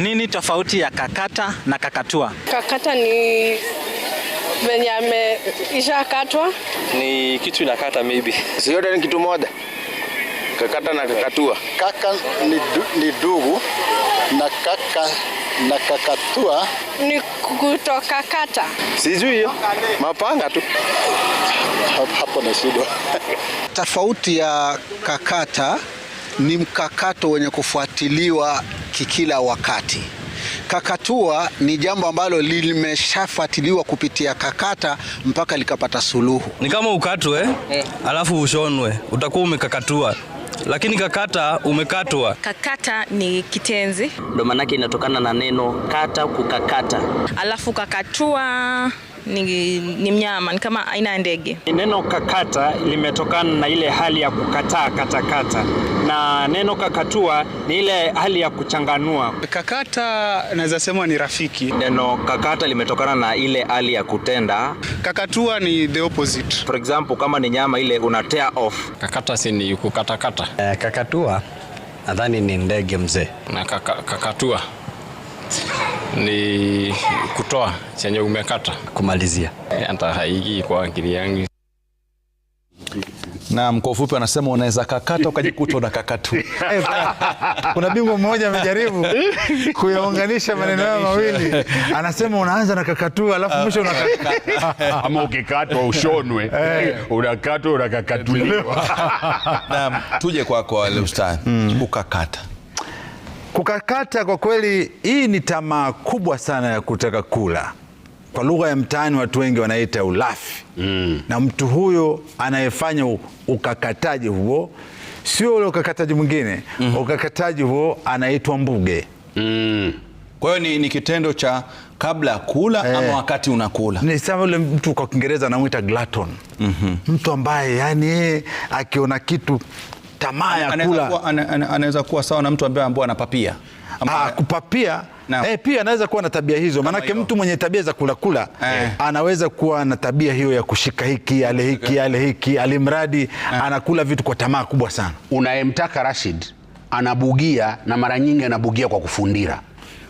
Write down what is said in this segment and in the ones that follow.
Nini tofauti ya kakata na kakatua? Kakata ni venye katwa. ni kitu inakata, maybe yote ni kitu moja. Kakata na kakatua, kaka ni, ni dugu na kaka na kakatua ni kutoka kata, sijui hiyo mapanga tu hapo na shida. Tofauti ya kakata ni mkakato wenye kufuatiliwa haki kila wakati. Kakatua ni jambo ambalo limeshafuatiliwa kupitia kakata mpaka likapata suluhu. Ni kama ukatwe eh, alafu ushonwe, utakuwa umekakatua lakini kakata umekatwa. Kakata ni kitenzi, ndo maanake inatokana na neno kata, kukakata. Alafu kakatua ni, ni mnyama, ni kama aina ya ndege. Neno kakata limetokana na ile hali ya kukataa katakata na neno kakatua ni ile hali ya kuchanganua. Kakata naweza sema ni rafiki. Neno kakata limetokana na ile hali ya kutenda. Kakatua ni the opposite. For example, kama ni nyama ile una tear off. Kakata si ni kukatakata. Eh, kakatua nadhani ni ndege mzee. Na kaka, kakatua ni kutoa chenye umekata kumalizia. Eh, hata haigi kwa akili yangu. Naam, kwa ufupi anasema unaweza kakata ukajikuta unakakatu. Eh, kuna bingwa mmoja amejaribu kuyaunganisha maneno hayo mawili, anasema unaanza na kakatu alafu ah. mwisho unakakata. Ama ukikatwa ushonwe, eh. unakatwa unakakatuliwa. Naam, tuje kwako alustan hmm. ukakata kukakata, kwa kweli hii ni tamaa kubwa sana ya kutaka kula kwa lugha ya mtaani watu wengi wanaita ulafi mm. Na mtu huyo anayefanya ukakataji huo sio ule ukakataji mwingine mm. Ukakataji huo anaitwa mbuge mm. Kwa hiyo ni, ni kitendo cha kabla ya kula eh, ama wakati unakula. Nisema ule mtu kwa Kiingereza anamwita glaton mm -hmm. Mtu ambaye yani akiona kitu tamaa ya kula. Anaweza kuwa sawa na mtu ambaye ambaye anapapia Ah, kupapia no. Eh, pia anaweza kuwa na tabia hizo, maanake mtu mwenye tabia za kulakula eh, anaweza kuwa na tabia hiyo ya kushika hiki ale hiki ale hiki alimradi eh, anakula vitu kwa tamaa kubwa sana. Unayemtaka Rashid anabugia na mara nyingi anabugia kwa kufundira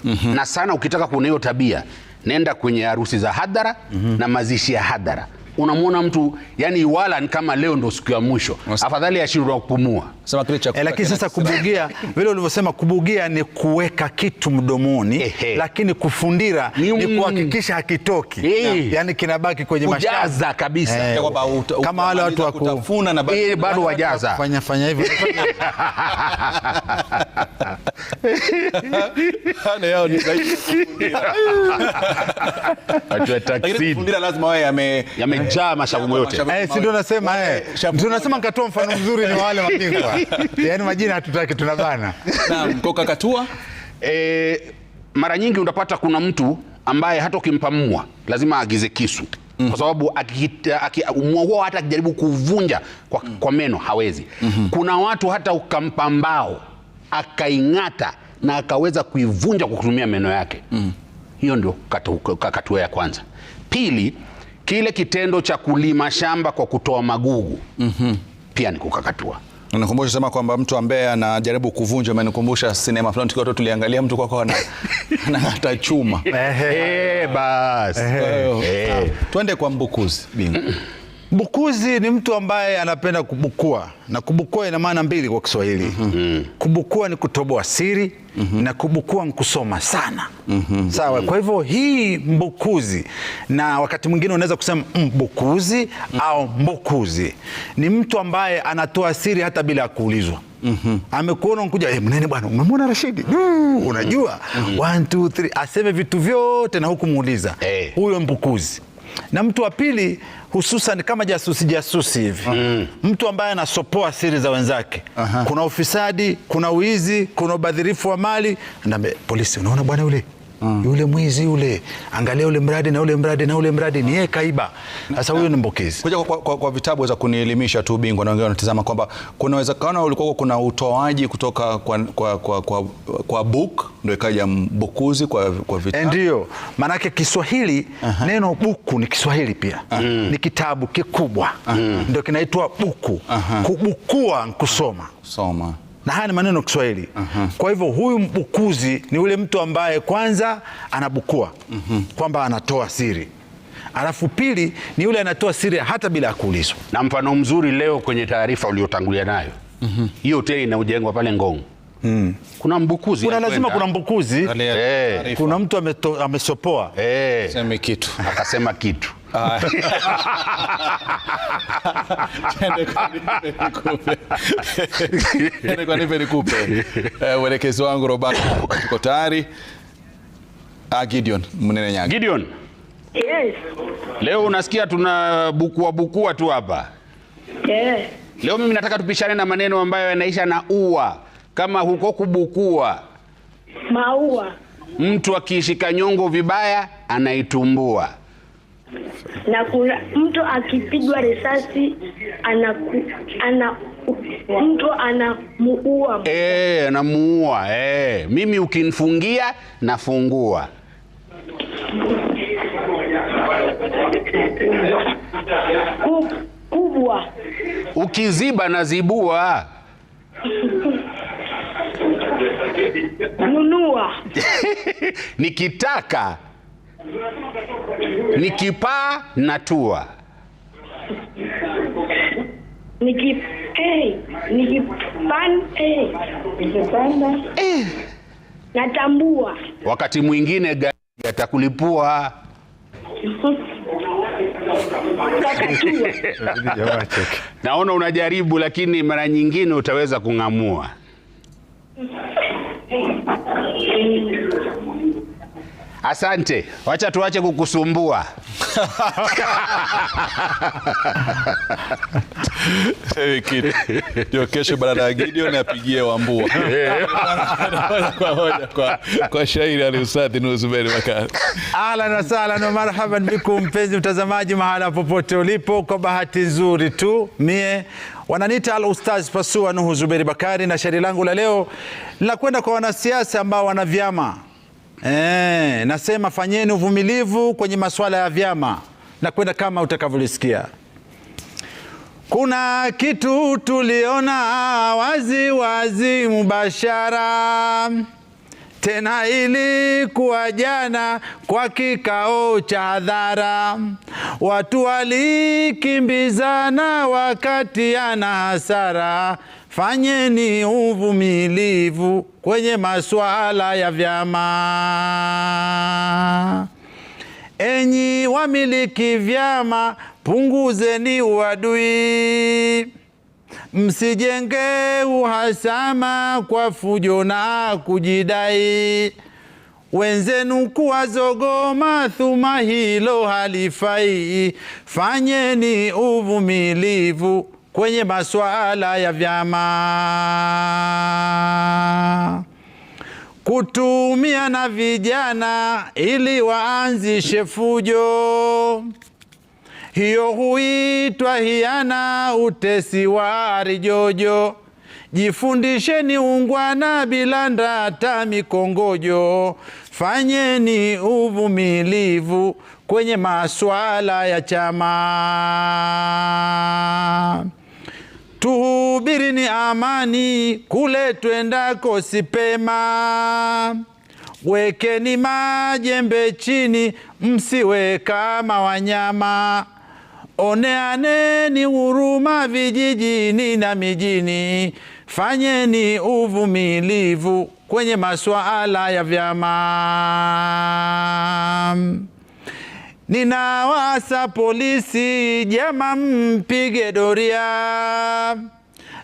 mm -hmm. Na sana ukitaka kuna hiyo tabia nenda kwenye harusi za hadhara mm -hmm. na mazishi ya hadhara unamwona mtu yani wala kama leo ndo siku ya mwisho, afadhali ashindwa kupumua. E, lakini sasa kubugia vile ulivyosema, kubugia ni kuweka kitu mdomoni lakini kufundira ni, ni mm. kuhakikisha hakitoki yani kinabaki kwenye mashaza kabisa e, kama wale watu wa kutafuna na bado wajaza eh, fanya fanya hivyo yaani jaa mashavumu yote, eh, si ndio? Nasema eh. tunasema eh, nikatoa mfano mzuri ni wale mabingwa, yaani majina hatutaki, tunabana Naam, mkokakatua. Eh, mara nyingi unapata kuna mtu ambaye hata ukimpa mwa lazima aagize kisu Mm. Kwa sababu akimwogoa hata akijaribu kuvunja kwa, mm. kwa meno hawezi. mm -hmm. Kuna watu hata ukampa mbao akaing'ata na akaweza kuivunja kwa kutumia meno yake. mm. Hiyo ndio katua ya kwanza. Pili, kile kitendo cha kulima shamba kwa kutoa magugu mm -hmm. pia ni kukakatua. Nikumbusha sema kwamba mtu ambaye anajaribu kuvunja, amenikumbusha sinema fulani tukiwa tuliangalia mtu kwako anakata chuma. Basi twende kwa mbukuzi Bingu. Bukuzi ni mtu ambaye anapenda kubukua na kubukua ina maana mbili kwa Kiswahili. mm -hmm. Kubukua ni kutoboa siri mm -hmm. na kubukua ni kusoma sana. mm -hmm. Sawa. Kwa hivyo hii mbukuzi, na wakati mwingine unaweza kusema mbukuzi mm -hmm. au mbukuzi, ni mtu ambaye anatoa siri hata bila ya kuulizwa. Mm -hmm. Amekuona nkuja, hey, eh, mnene bwana, umemwona Rashidi? mm -hmm. Unajua, mm -hmm. one two three, aseme vitu vyote na hukumuuliza. Eh. Huyo hey. mbukuzi na mtu wa pili hususan kama jasusi jasusi hivi mm. mtu ambaye anasopoa siri za wenzake. Aha. Kuna ufisadi, kuna uizi kuna ubadhirifu wa mali na polisi, unaona bwana yule mm. yule mwizi yule, angalia ule mradi na ule mradi na ule mradi, ni yeye kaiba. Sasa huyo ni mbokizi. Kwa, kwa, kwa vitabu za kunielimisha tu bingwa, na wengine wanatazama kwamba kuna uwezekano ulikuwa kuna utoaji kutoka kwa, kwa, kwa, kwa, kwa book ndio ikaja mbukuzi kwa, kwa vitabu. Eh, ndio maanake Kiswahili uh -huh. neno buku ni Kiswahili pia uh -huh. ni kitabu kikubwa uh -huh. ndio kinaitwa buku uh -huh. kubukua kusoma, soma na haya ni maneno Kiswahili. uh -huh. Kwa hivyo huyu mbukuzi ni ule mtu ambaye kwanza anabukua uh mhm. -huh. kwamba anatoa siri alafu pili ni yule anatoa siri hata bila ya kuulizwa. Na mfano mzuri leo kwenye taarifa uliotangulia nayo, uh mhm. -huh. hiyo hoteli inayojengwa pale Ngong Hmm. Kuna mbukuzi. Kuna lazima kuna mbukuzi. Hey. Eh. Kuna mtu amesopoa. Hey. Eh. Sema kitu. Akasema kitu. Twende kwa nipe nikupe. Eh, mwelekezi wangu Roberto tuko tayari. Ah, Gideon mnene nyaga. Gideon. Yes. Leo unasikia tuna bukua bukua tu hapa. Yeah. Leo mimi nataka tupishane na maneno ambayo yanaisha na ua kama huko kubukua maua, mtu akishika nyongo vibaya anaitumbua na kuna mtu akipigwa risasi anaku, ana, mtu anamuua e, anamuua e. Mimi ukinifungia nafungua. Kubwa ukiziba nazibua nunua nikitaka nikipaa natua eh. Natambua wakati mwingine gari atakulipua naona unajaribu, lakini mara nyingine utaweza kung'amua. Gracias. Asante, wacha tuache kukusumbua. Ndio kesho badala ya Gideon apigie Wambua kwa, kwa shairi aliusati Nuzuberi Makari. Ahlan sahlan wa marhaban bikum, mpenzi mtazamaji, mahala popote ulipo. Kwa bahati nzuri tu mie wananiita al ustaz Pasua Nuhu Zuberi Bakari, na shairi langu la leo linakwenda kwa wanasiasa ambao wana vyama E, nasema fanyeni uvumilivu kwenye masuala ya vyama na kwenda kama utakavyolisikia. Kuna kitu tuliona wazi wazi mubashara, tena ilikuwa jana kwa kikao cha hadhara. Watu walikimbizana wakati ana hasara Fanyeni uvumilivu kwenye masuala ya vyama. Enyi wamiliki vyama, punguzeni uadui, msijenge uhasama kwa fujo na kujidai. Wenzenu zogoma thuma hilo halifai. Fanyeni uvumilivu kwenye masuala ya vyama, kutumia na vijana ili waanzishe fujo, hiyo huitwa hiana, utesi wa arijojo. Jifundisheni ungwana, bila ndata mikongojo. Fanyeni uvumilivu kwenye masuala ya chama tuhubiri ni amani, kule twendako si Wekeni majembe chini, msiwe kama wanyama. Oneaneni huruma vijijini na mijini, fanyeni uvumilivu kwenye masuala ya vyama. Ninawasa polisi jema, mpige doria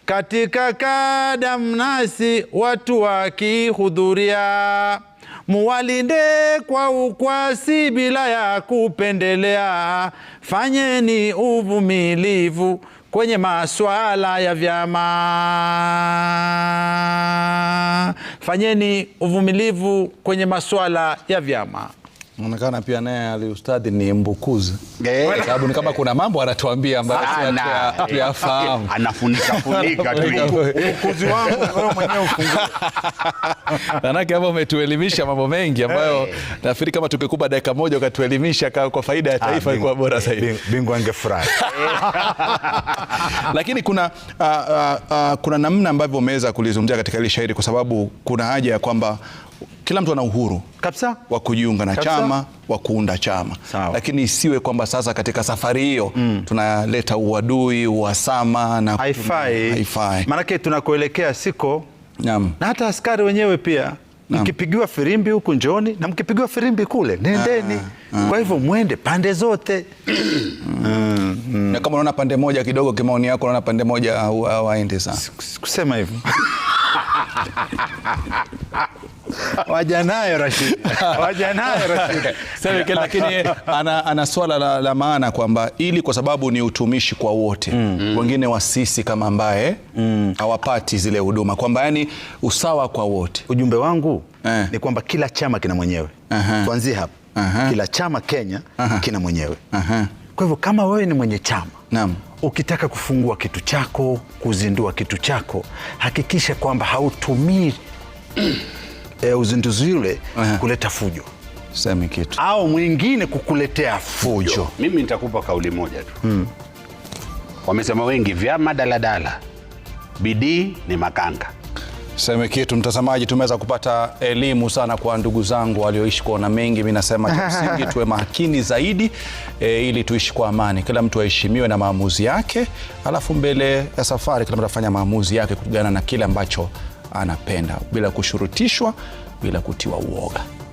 katika kada mnasi, watu wakihudhuria muwalinde kwa ukwasi bila ya kupendelea. Fanyeni uvumilivu kwenye maswala ya vyama, fanyeni uvumilivu kwenye maswala ya vyama. Onekana pia naye aliustadi ni mbukuzi sababu ni kama kuna mambo anatuambia ambayo eh. tuyafahamu, anafunika funika tu mbukuzi wangu wewe mwenyewe manake hapo umetuelimisha mambo mengi ambayo eh. nafikiri kama tukikupa dakika moja ukatuelimisha kwa faida ya taifa ah, ilikuwa bora eh, zaidi, bingwa angefurahi. Lakini kuna uh, uh, uh, kuna namna ambavyo umeweza kulizungumzia katika hili shairi, kwa sababu kuna haja ya kwamba kila mtu ana uhuru kabisa wa kujiunga na kapsa? chama wa kuunda chama Sao. Lakini isiwe kwamba sasa katika safari hiyo mm, tunaleta uadui uhasama na haifai, haifai. Maanake tunakoelekea siko Naam. na hata askari wenyewe pia mkipigiwa firimbi huku njoni na mkipigiwa firimbi kule nendeni. Ah, ah, ah. Kwa hivyo mwende pande zote mm, mm. Na kama unaona pande moja kidogo, kimaoni yako unaona pande moja, waende sana kusema hivyo wajanayo Rashid, wajanayo Rashid Sema, lakini ana, ana swala la, la maana kwamba ili kwa sababu ni utumishi kwa wote mm. wengine wasisi kama ambaye mm. hawapati mm. zile huduma kwamba yani usawa kwa wote. Ujumbe wangu eh. ni kwamba kila chama kina mwenyewe uh -huh. tuanzie hapa uh -huh. kila chama Kenya uh -huh. kina mwenyewe uh -huh. kwa hivyo kama wewe ni mwenye chama Naam. Ukitaka kufungua kitu chako, kuzindua kitu chako, hakikisha kwamba hautumii e, uzinduzi uh-huh. kuleta fujo sema kitu au mwingine kukuletea fujo, Mimi nitakupa kauli moja tu hmm. Wamesema wengi vyama daladala, bidii ni makanga. seme kitu mtazamaji, tumeweza kupata elimu sana kwa ndugu zangu walioishi kuona mengi. mi nasema cha tuwe makini zaidi e, ili tuishi kwa amani, kila mtu aheshimiwe na maamuzi yake, alafu mbele ya safari kila mtu afanya maamuzi yake kulingana na kile ambacho anapenda bila kushurutishwa, bila kutiwa uoga.